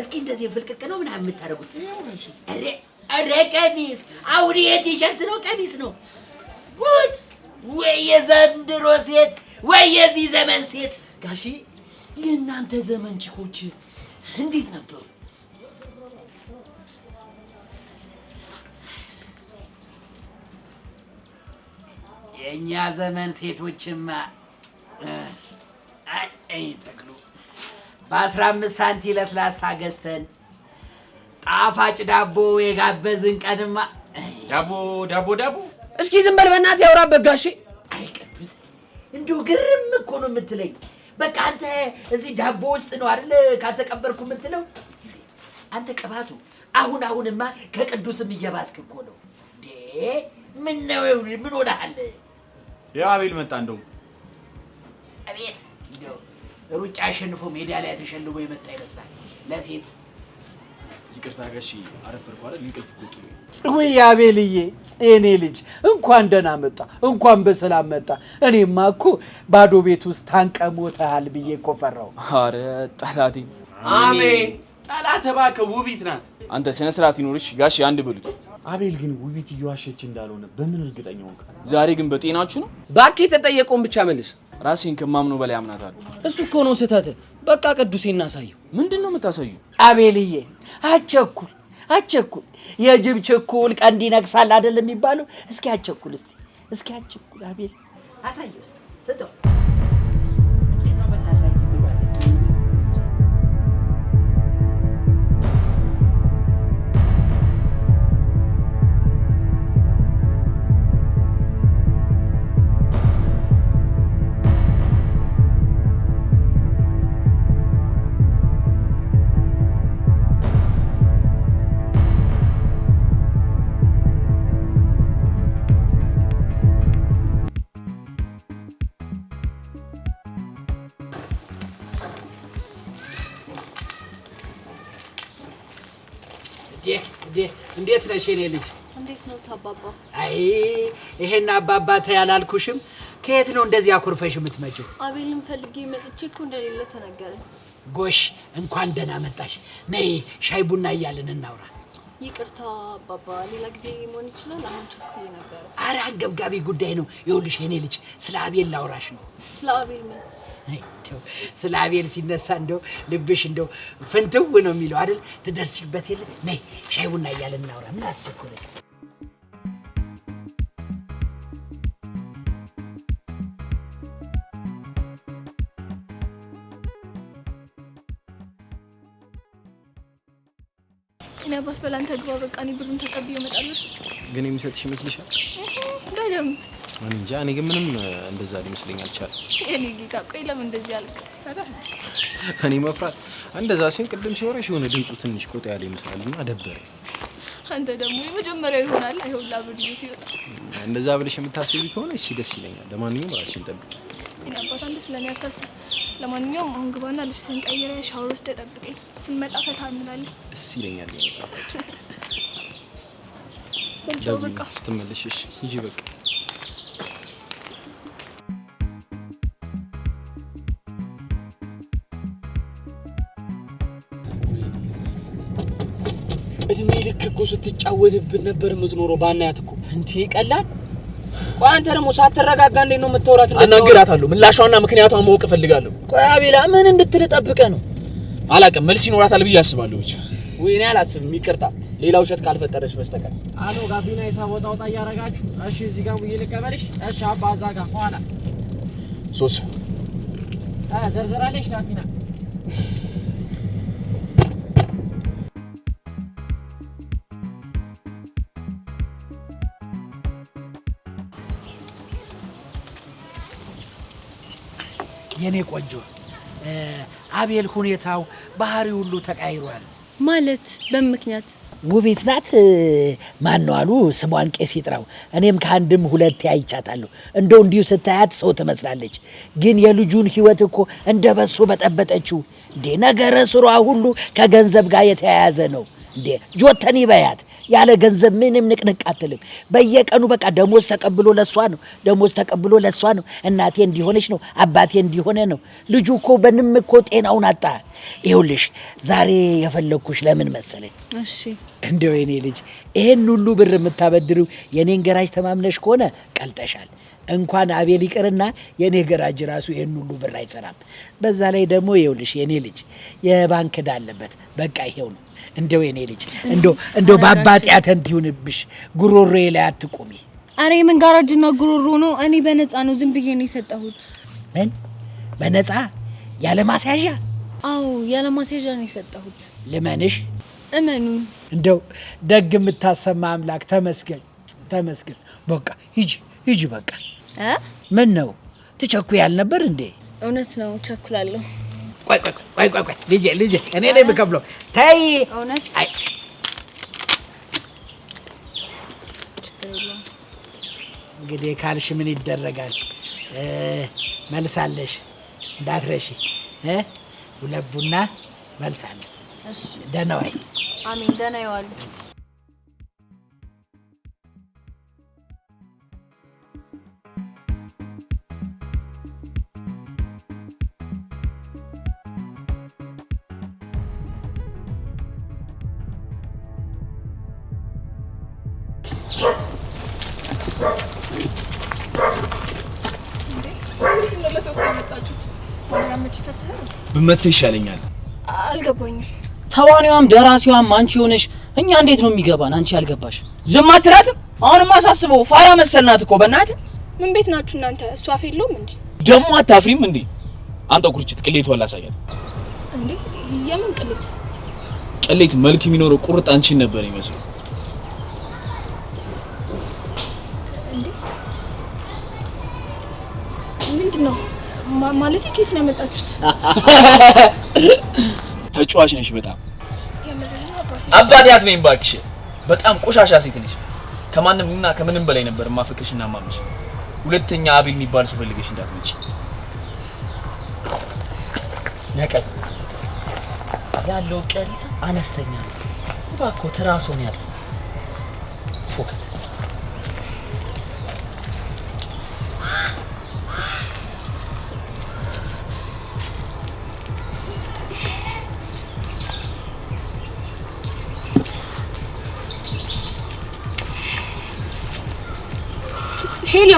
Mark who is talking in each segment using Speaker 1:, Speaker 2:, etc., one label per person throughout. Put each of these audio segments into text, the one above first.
Speaker 1: እስኪ እንደዚህ ፍልቅቅ ነው ምናምን የምታደርጉት? ኧረ ቀሚስ አሁን ይሄ ነው ቀሚስ ነው። ጉድ ወይ የዘንድሮ ሴት ወይ የዚህ ዘመን ሴት። ጋሺ የእናንተ ዘመን ችኮች እንዴት ነበሩ? የእኛ ዘመን ሴቶችማ አይ ተክሉ በአስራ አምስት ሳንቲ ለስላሳ ገዝተን ጣፋጭ ዳቦ የጋበዝን ቀንማ
Speaker 2: ዳቦ ዳቦ ዳቦ
Speaker 1: እስኪ ዝም በል በእናትህ ያውራበት ጋሼ። አይ ቅዱስ እንዲሁ ግርም እኮ ነው የምትለኝ። በቃ አንተ እዚህ ዳቦ ውስጥ ነው አይደል ካልተቀበርኩ የምትለው አንተ ቅባቱ። አሁን አሁንማ ከቅዱስም እየባስክ እኮ ነው እንዴ! ምን ነው ምን ሆነሃል?
Speaker 2: ያው አቤል መጣ። እንደውም
Speaker 1: አቤት እንደው ሩጫ አሸንፎ ሜዳ ላይ ተሸልሞ የመጣ ይመስላል ለሴት
Speaker 2: ይቅርታ ጋሺ፣ አረፈርኩ አይደል? እንቅልፍ እኮ ጥሎ።
Speaker 1: ውይ አቤልዬ፣ እኔ ልጅ እንኳን ደህና መጣ፣ እንኳን በሰላም መጣ። እኔማ እኮ ባዶ ቤት ውስጥ ታንቀ ሞተሃል ብዬ እኮ ፈራሁ።
Speaker 2: አረ ጠላቴ፣
Speaker 1: አሜን። ጠላት እባክህ፣ ውቢት ናት።
Speaker 2: አንተ ስነ ስርዓት ይኖርሽ ጋሺ፣ አንድ በሉት።
Speaker 1: አቤል ግን ውቢት እየዋሸች እንዳልሆነ በምን እርግጠኛ ሆንክ?
Speaker 2: ዛሬ ግን በጤናችሁ ነው?
Speaker 1: እባክህ የተጠየቀውን ብቻ መልስ።
Speaker 2: ራሴን ከማምኑ በላይ አምናታለሁ።
Speaker 1: እሱ እኮ ነው ስህተት። በቃ ቅዱሴ እናሳየው።
Speaker 2: ምንድን ነው የምታሳዩ?
Speaker 1: አቤልዬ አቸኩል አቸኩል። የጅብ ችኩል ቀንድ ይነቅሳል አይደል የሚባለው? እስኪ አቸኩል፣ እስቲ እስኪ አቸኩል። አቤል አሳየው፣ ስጠው ነሽ የኔ ልጅ።
Speaker 3: እንዴት ነው ታባባ?
Speaker 1: አይ ይሄን አባባ ተይ ከየት ነው እንደዚህ አኩርፈሽ የምትመጪው?
Speaker 3: አቤልን ፈልጌ መጥቼ እኮ እንደሌለ ተነገረኝ።
Speaker 1: ጎሽ እንኳን ደህና መጣሽ። ነይ ሻይ ቡና እያልን እናውራ።
Speaker 3: ይቅርታ አባባ፣ ሌላ ጊዜ መሆን ይችላል። አሁን ቸኩዬ ነበረ።
Speaker 1: አረ አንገብጋቢ ጉዳይ ነው። ይኸውልሽ የኔ ልጅ ስለ አቤል ላውራሽ ነው። ስለ አቤል ምን ስለ አቤል ሲነሳ እንደው ልብሽ እንደው ፍንትው ነው የሚለው አይደል? ትደርሲበት የለ ነይ ሻይ ቡና እያለን እናውራ። ምን አስቸኮለች?
Speaker 3: እኔ አባስ በላንተ ግባ። በቃ እኔ ብሩን ተቀብዬ እመጣለሁ።
Speaker 2: ግን የሚሰጥሽ ይመስልሻል? በደንብ እንጃ እኔ ግን ምንም እንደዛ ሊመስለኝ አልቻለም።
Speaker 3: የኔ ጌታ ቆይ ለምን እንደዚህ አልክ?
Speaker 2: እኔ መፍራት እንደዛ ሲሆን ቅድም ሲወራሽ የሆነ ድምፁ ትንሽ ቆጣ ያለ ይመስላልና ደበረኝ።
Speaker 3: አንተ ደግሞ የመጀመሪያው ይሆናል። ይኸውላ ብር ይዞ ሲወጣ
Speaker 2: እንደዛ ብለሽ የምታስቢ ከሆነ እሺ ደስ ይለኛል። ለማንኛውም ራስሽን ጠብቂ።
Speaker 3: እኔ አባት አንተ ስለኔ አታስብ። ለማንኛውም አሁን ግባና ልብስህን ቀይረ ሻወር ውስጥ ጠብቀኝ። ስመጣ ፈታ እንላለን። ደስ ይለኛል። ይመጣ
Speaker 2: ስትመለሽ እንጂ በቃ
Speaker 1: ልክ እኮ ስትጫወትብን ነበር የምትኖረው። ባናያት እኮ እንዴ ቀላል። ቆይ አንተ ደግሞ ሳትረጋጋ እንዴት ነው የምታወራት?
Speaker 2: አናግራታለሁ። ምላሿና ምክንያቷን ማወቅ እፈልጋለሁ።
Speaker 1: ቆይ አቤላ፣ ምን እንድትል ጠብቀህ ነው?
Speaker 2: አላውቅም። መልስ ይኖራታል ብዬ አስባለሁ። ብቻ
Speaker 1: ወይ እኔ አላስብም። ይቅርታ፣ ሌላ ውሸት ካልፈጠረች በስተቀር አሎ፣ ጋቢና ሂሳብ ወጣ ወጣ እያደረጋችሁ እሺ። እዚህ ጋር ብዬ ልቀበልሽ። እሺ፣ አባ እዛ ጋር ኋላ ሶስ ዘርዘራለሽ ጋቢና የኔ ቆንጆ አቤል ሁኔታው ባህሪ ሁሉ ተቃይሯል።
Speaker 3: ማለት በምክንያት
Speaker 1: ውቤት ናት። ማን ነው አሉ ስሟን ቄስ ይጥራው። እኔም ከአንድም ሁለቴ አይቻታለሁ። እንደው እንዲሁ ስታያት ሰው ትመስላለች፣ ግን የልጁን ህይወት እኮ እንደ በሶ በጠበጠችው። እንዴ ነገረ ስሯ ሁሉ ከገንዘብ ጋር የተያያዘ ነው። እንዴ ጆተኒ በያት ያለ ገንዘብ ምንም ንቅንቅ አትልም። በየቀኑ በቃ ደሞዝ ተቀብሎ ለሷ ነው፣ ደሞዝ ተቀብሎ ለሷ ነው። እናቴ እንዲሆነች ነው፣ አባቴ እንዲሆነ ነው። ልጁ እኮ በንም እኮ ጤናውን አጣ። ይኸውልሽ ዛሬ የፈለግኩሽ ለምን መሰለኝ? እሺ እንደው የኔ ልጅ ይህን ሁሉ ብር የምታበድሩ የኔን ገራጅ ተማምነሽ ከሆነ ቀልጠሻል። እንኳን አቤል ይቅርና የእኔ ገራጅ ራሱ ይህን ሁሉ ብር አይሰራም። በዛ ላይ ደግሞ ይኸውልሽ የእኔ ልጅ የባንክ ዕዳ አለበት። በቃ ይሄው ነው። እንደው የኔ ልጅ እንደው እንደው በአባጤ አተንት ይሁንብሽ፣ ጉሮሮዬ ላይ አትቁሚ።
Speaker 3: አረ የምን ጋራጅና ጉሮሮ ነው? እኔ በነፃ ነው ዝም ብዬ ነው የሰጠሁት።
Speaker 1: ምን በነፃ ያለ ማስያዣ?
Speaker 3: አዎ ያለ ማስያዣ ነው የሰጠሁት። ልመንሽ? እመኑ።
Speaker 1: እንደው ደግ የምታሰማ አምላክ ተመስገን፣ ተመስገን። በቃ ሂጂ ሂጂ በቃ ምን ነው ትቸኩ ነበር እንዴ?
Speaker 3: እውነት ነው ቸኩላለሁ።
Speaker 1: ቆይ ቆይ ቆይ ልጄ ልጄ፣ እኔ ነኝ የምከፍለው። ተይ እውነት እንግዲህ ካልሽ ምን ይደረጋል? መልሳለሽ፣ እንዳትረሺ። ሁለት ቡና መልሳለሽ። ደህና ዋይ።
Speaker 3: አሜን። ደህና ይዋሉ።
Speaker 2: ብመትህ ይሻለኛል።
Speaker 3: አልገባኝም።
Speaker 1: ተዋኒዋም ደራሲዋም አንቺ የሆነሽ እኛ እንዴት ነው የሚገባን? አንቺ ያልገባሽ ዝም አትላትም? አሁንም አሳስበው ፋራ መሰልናት እኮ በእናት
Speaker 3: ምን ቤት ናችሁ እናንተ? እሷ አፍ የለውም እንዴ?
Speaker 1: ደግሞ አታፍሪም እንዴ? አንተ ቁርጭት ቅሌት ላሳያት
Speaker 3: እንዴ? የምን ቅሌት?
Speaker 2: ቅሌት መልክ የሚኖረው ቁርጥ አንቺን ነበር ይመስሉ
Speaker 3: ምንድን ነው ማለት ኬት ነው ያመጣችሁት?
Speaker 2: ተጫዋች ነሽ በጣም አባቴ አትበይም ባክሽ። በጣም ቆሻሻ ሴት ነሽ። ከማንም እና ከምንም በላይ ነበር ማፈቅሽ እና ማምሽ። ሁለተኛ አቤል የሚባል ሰው ፈልገሽ እንዳትመጪ። ነቀል
Speaker 1: ያለው ቀሪሳ አነስተኛ ነው። እባክዎ ትራሶን ያጥፉ ፎከት
Speaker 3: ሄሎ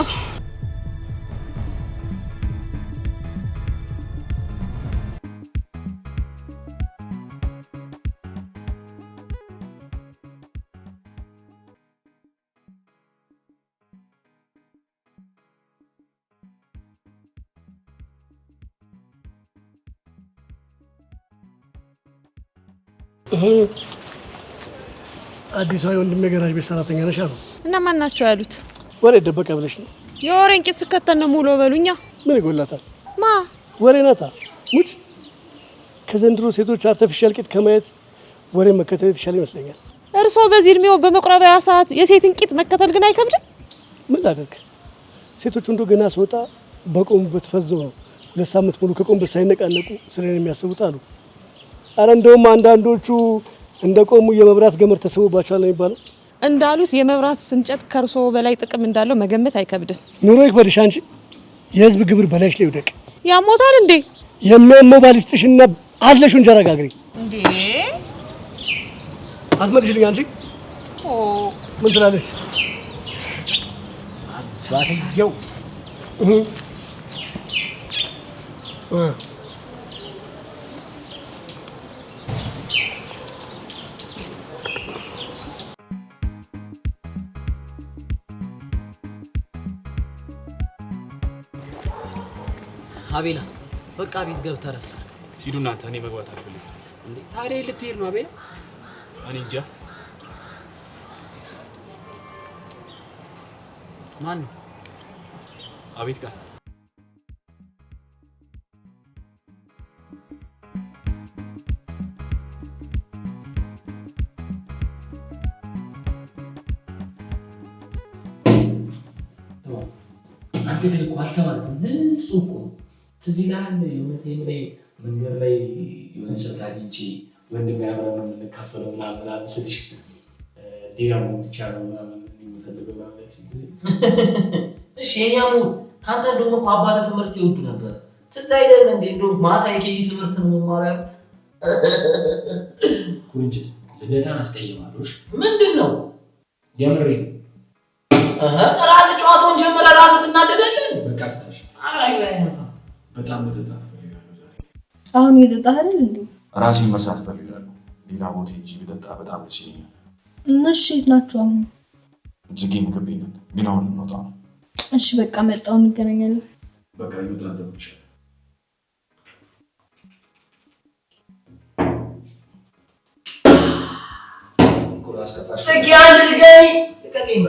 Speaker 4: አዲሷ የወንድሜ ገራጅ ቤት ሰራተኛ ነሽ አሉ።
Speaker 3: እና ማን ናቸው ያሉት?
Speaker 2: ወሬ ደበቀ ብለሽ ነው?
Speaker 3: የወሬን ቂስ ከተነ ሙሎ በሉኛ። ምን ይጎላታል? ማ
Speaker 4: ወሬ ናታ። ሙት ከዘንድሮ ሴቶች አርተፊሻል ቂጥ ከማየት ወሬ መከተል የተሻለ ይመስለኛል።
Speaker 3: እርሶ በዚህ እድሜው በመቁረቢያ ሰዓት የሴትን ቂጥ መከተል ግን አይከብድም?
Speaker 4: ምን ላደርግ፣ ሴቶች ወንዶ ገና ስወጣ በቆሙበት ፈዘው ነው ሁለት ሳምንት ሙሉ ከቆሙበት ሳይነቃነቁ ስለኔ የሚያስቡት አሉ። አረ እንደውም አንዳንዶቹ እንደ ቆሙ የመብራት ገመድ ተሰቡባቸዋል ነው የሚባለው።
Speaker 3: እንዳሉት የመብራት ስንጨት ከእርሶ በላይ ጥቅም እንዳለው መገመት አይከብድም።
Speaker 4: ኑሮ ይክበድሽ አንቺ፣ የህዝብ ግብር በላይሽ ላይ ይውደቅ።
Speaker 3: ያሞታል እንዴ?
Speaker 4: የሚያመው ባል ይስጥሽና አዝለሽ እንጀራ ጋግሪ። እንዴ አትመልሽልኝ አንቺ። ምን ትላለች?
Speaker 1: አባትየው አቤላ በቃ ቤት ገብተህ ረፍት አድርግ።
Speaker 2: ሂዱ እናንተ፣ እኔ መግባት አልፈልግም።
Speaker 1: እንዴ ታዲያ ልትሄድ ነው አቤላ? እኔ እንጃ። ማን ነው? አቤት ቃል አትግል እኮ አልተባልኩም። ንጹህ እኮ ትዝ ይልሃል? እውነቴን ላይ መንገድ ላይ የሆነ ጭርታ አግኝቼ ወንድሜ አብረን ነው የምንካፈለው ምናምን ምናምን ስልሽ ሌላ ብቻ ነው ምናምን የምፈልገው ማለት ጊዜ እሺ፣ የኛሙ ከአንተ ደግሞ እኮ አባተ ትምህርት ይወዱ ነበር። ትዝ አይደል እንዴ? እንደውም ማታ የኬጂ ትምህርት ነው መማሪያ
Speaker 2: ቁንጭት ልደታን አስቀይማለሽ። ምንድን ነው የምሬ
Speaker 1: ራስ
Speaker 3: አሁን እየጠጣህ አይደል እንዴ?
Speaker 2: ራሴን መርሳት እፈልጋለሁ። ሌላ ቦታ ሂጅ ብጠጣ በጣም ደስ ይለኛል።
Speaker 3: እነሱ የት ናቸው አሁን?
Speaker 2: ጽጌ ምግብ ቤት ግን አሁን እንወጣ ነው።
Speaker 3: እሺ በቃ መጣሁ፣ እንገናኛለን።
Speaker 2: በቃ ይወጣ
Speaker 1: ጽጌ አንድ ልገኝ ልቀቀኝ።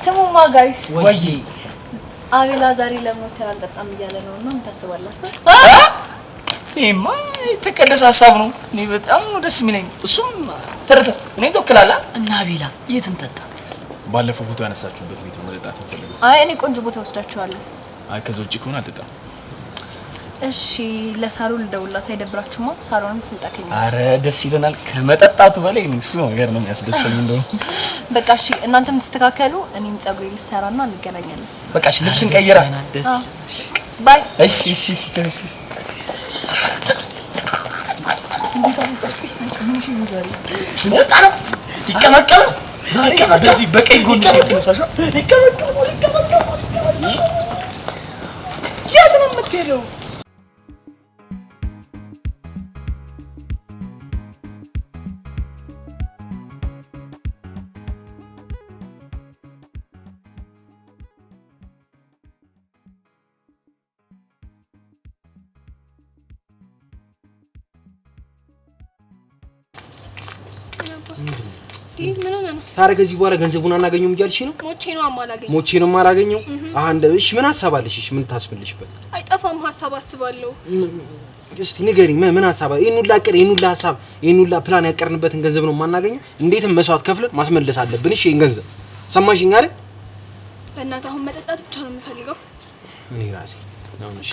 Speaker 3: ስሙማ ጋይስ፣ ወይ አቤላ ዛሬ ለሞተር አልጠጣም እያለ ነው እና ምን ታስባላችሁ?
Speaker 1: ይሄማ የተቀደሰ ሀሳብ ነው። እኔ በጣም ደስ የሚለኝ እሱም ተረተ እኔ
Speaker 3: እና አቤላ የት እንጠጣ?
Speaker 2: ባለፈው ፎቶ ያነሳችሁበት ቤት መጠጣት
Speaker 3: አይ እኔ ቆንጆ ቦታ ወስዳችኋለሁ።
Speaker 2: አይ ከዛ ውጭ ከሆነ አልጠጣም
Speaker 3: እሺ ለሳሎን ልደውላት አይደብራችሁማ? ሳሎንም ትንጠቀኝ።
Speaker 1: አረ ደስ ይለናል። ከመጠጣቱ በላይ እሱ ነገር ነው የሚያስደስተኝ። እንደው
Speaker 3: በቃ እሺ፣ እናንተም ትስተካከሉ፣ እኔም ጸጉሬ ልሰራና እንገናኛለን።
Speaker 1: በቃ እሺ፣ ልብስን ቀይራ። ባይ። እሺ፣ እሺ፣ እሺ። ይቀመቀሉ ዛሬ በዚህ በቀኝ ጎን ነው ተነሳሽው። ይቀመቀሉ ታዲያ ከዚህ በኋላ ገንዘቡን አናገኘውም እያልሽ ነው?
Speaker 3: ሞቼ ነው አማላገኘው።
Speaker 1: ሞቼ ነው የማላገኘው። አንድ እሺ፣ ምን ሀሳብ አለሽ? እሺ፣ ምን ታስብልሽበት?
Speaker 3: አይጠፋም ሀሳብ አስባለሁ።
Speaker 1: እስቲ ንገሪ፣ ምን ሀሳብ አለ? ይሄን ሁላ አቀር፣ ይሄን ሁላ ሀሳብ፣ ይሄን ሁላ ፕላን ያቀርንበትን ገንዘብ ነው የማናገኘው። እንዴትም መስዋዕት ከፍለን ማስመለስ አለብን። እሺ፣ ይሄን ገንዘብ ሰማሽኝ አይደል?
Speaker 3: በእናትህ አሁን መጠጣት ብቻ ነው የምፈልገው
Speaker 1: እኔ ራሴ አሁን እሺ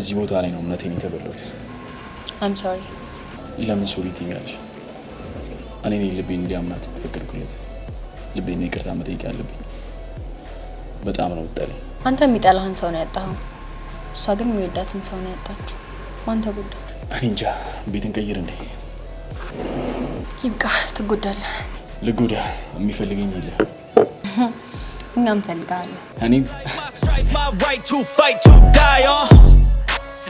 Speaker 2: እዚህ ቦታ ላይ ነው እምነቴን የተበላሁት። አም ሶሪ። ለምን ሶሪ ትይኛለሽ? እኔ እኔ ልቤን እንዲያምናት ፈቀድኩለት። ልቤን ይቅርታ መጠየቅ ያለብኝ በጣም ነው የምጠላኝ።
Speaker 3: አንተ የሚጠላህን ሰው ነው ያጣኸው፣ እሷ ግን የሚወዳትን ሰው ነው ያጣችው። ማንተ ጉዳ
Speaker 2: እኔ እንጃ። ቤትን ቀይር እንዴ።
Speaker 3: ይብቃ፣ ትጎዳለህ።
Speaker 2: ልጎዳ የሚፈልገኝ የለ።
Speaker 3: እኛ እንፈልጋለን።
Speaker 2: እኔም uh.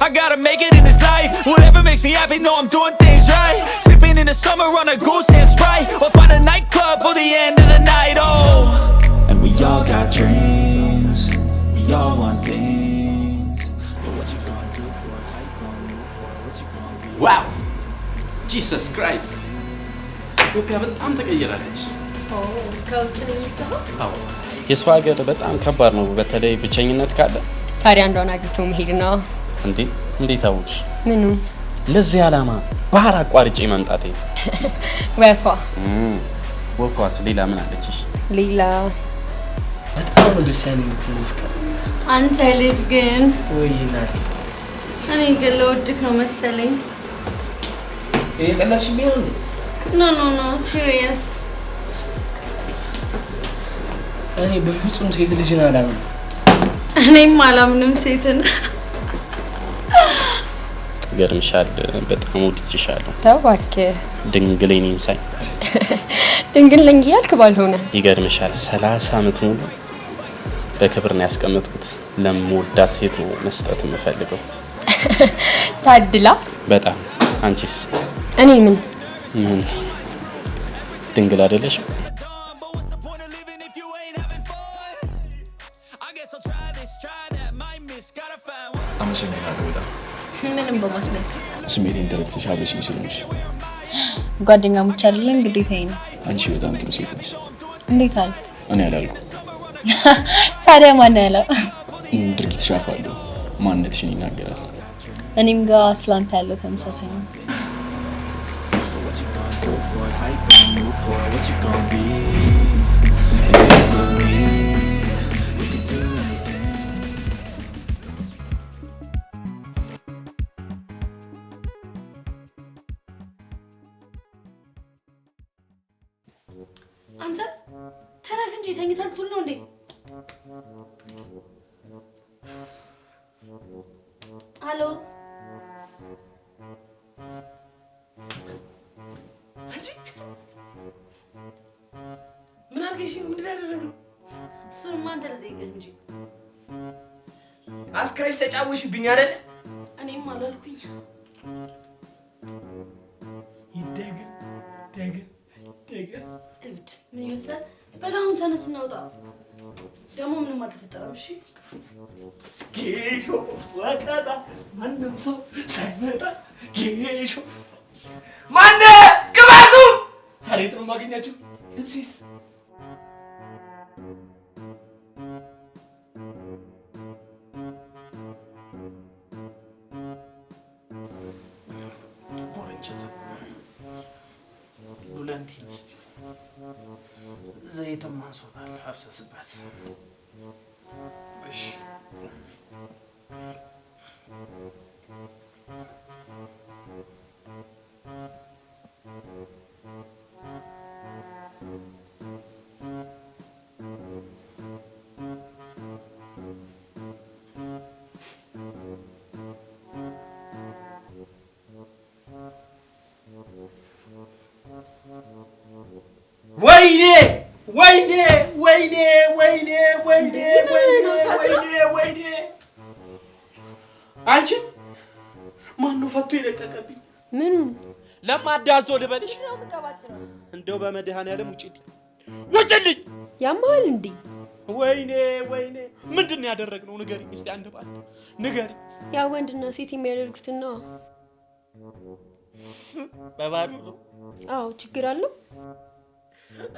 Speaker 2: I gotta make it in this life. Whatever makes me happy, know I'm doing things right. Sipping in the summer on a goose and sprite. Or find a nightclub for the end of the night, oh. And we all got dreams, we all want things. But what you gonna do for a hike on you for what you gonna do? Wow! Jesus Christ! ኢትዮጵያ በጣም ተቀይራለች። የሰው i በጣም ከባድ ነው፣ በተለይ ብቸኝነት ካለ።
Speaker 3: ታዲያ አንዷን አግኝቶ መሄድ ነው።
Speaker 2: እንዴ እንዴት ምኑ? ለዚህ ዓላማ ባህር አቋርጬ መምጣቴ።
Speaker 3: ወፏ
Speaker 2: ወፏስ ሌላ ምን አለችሽ?
Speaker 3: ሌላ
Speaker 1: በጣም ደስ ያለኝ
Speaker 3: አንተ ልጅ ግን ወይ ናት። እኔ ግን ነው መሰለኝ።
Speaker 1: ይሄ ቀላልሽ ቢሆን
Speaker 3: ኖ ኖ ኖ ሲሪየስ።
Speaker 1: እኔ በፍጹም ሴት ልጅን አላምንም።
Speaker 3: እኔም አላምንም ሴትን
Speaker 2: ገርምሻል። በጣም ወድጅሻለሁ።
Speaker 3: ተው እባክህ።
Speaker 2: ድንግሌን ይንሳኝ።
Speaker 3: ድንግል ነኝ እያልክ ባልሆነ
Speaker 2: ይገርምሻል። ሰላሳ አመት ሙሉ በክብር ነው ያስቀመጥኩት። ለምወዳት ሴት ነው መስጠት የምፈልገው። ታድላ በጣም አንቺስ? እኔ ምን ምን ድንግል አይደለሽም?
Speaker 3: ምንም በማስመልክ
Speaker 2: ስሜት ኢንተረክትሽ አለሽኝ ስለሆንሽ
Speaker 3: ጓደኛ ሙቻ አይደለም ግዴታ ነው።
Speaker 2: አንቺ በጣም ጥሩ ሴት ነሽ። እንዴት አለ? እኔ አላልኩ።
Speaker 3: ታዲያ ማነው ያለው?
Speaker 2: ድርጊትሽ ሻፋሉ ማንነትሽን ይናገራል።
Speaker 3: እኔም ጋር ስላንተ ያለው ተመሳሳይ ነው። What you gonna do for? What you gonna be? አንተ ተነስ እንጂ ተኝተህ ልትውል ነው እንዴ? አሎ
Speaker 1: አንቺ ምን አድርገሽ ነው? ምንድን
Speaker 3: እሱንማ አንተ ልጠይቅህ እንጂ
Speaker 1: አስክረሽ ተጫወሽብኝ አይደለ?
Speaker 3: እኔም አላልኩኝ።
Speaker 1: ይደግ ደግ ደግ
Speaker 3: ጉድ ምን ይመስላል? በቃ ተነስ እናውጣ። ደግሞ ምንም አልተፈጠረም። እሺ
Speaker 1: ጌሾ ወጣጣ ማንም ሰው ሳይመጣ ጌሾ ማነ አሬት ነው ማገኛችሁ ልብሴስ زي تما صوت الحفصة سبعت بش Thank you. ወይኔ ወይኔ ወይኔ ወይኔ
Speaker 3: ወይኔ ወይኔ!
Speaker 1: አንቺ ማነው ፈቶ የለቀቀብኝ? ምኑን ለማዳ ዞ ልበልሽ? እንደው በመድኃኔዓለም ውጭልኝ፣ ውጭልኝ!
Speaker 3: ያማል እንዴ?
Speaker 1: ወይኔ ወይኔ! ምንድን ነው ያደረግነው? ንገሪኝ እስኪ አንድ ባት ንገሪኝ።
Speaker 3: ያ ወንድና ሴት የሚያደርጉትን ነዋ። በባዶ ነው። አዎ ችግር አለው Yeah.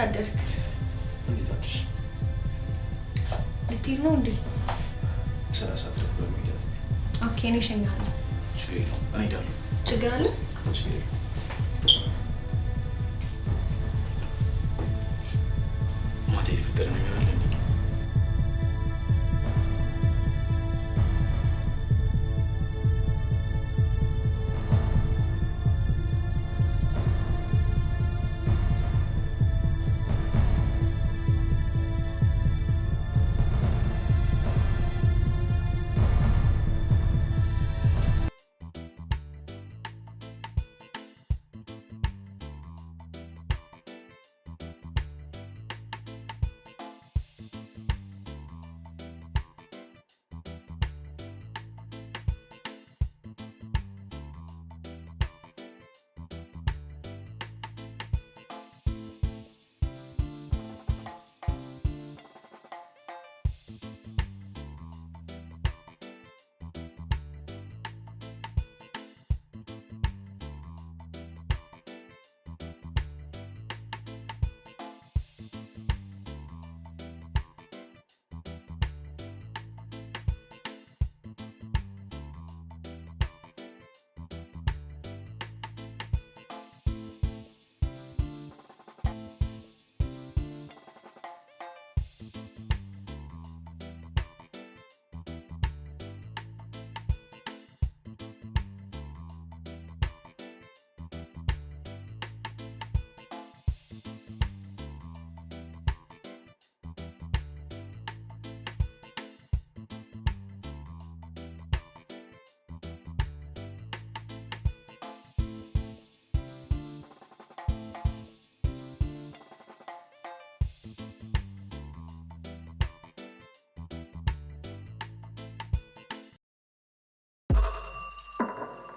Speaker 3: እንዴት አደርክ? እንዴት አደርሽ? ልትሄድ ነው እንዴ? ስራ ሰዓት ኦኬ፣ እኔ እሸኝሃለሁ። ችግር አለ?
Speaker 2: Thank you.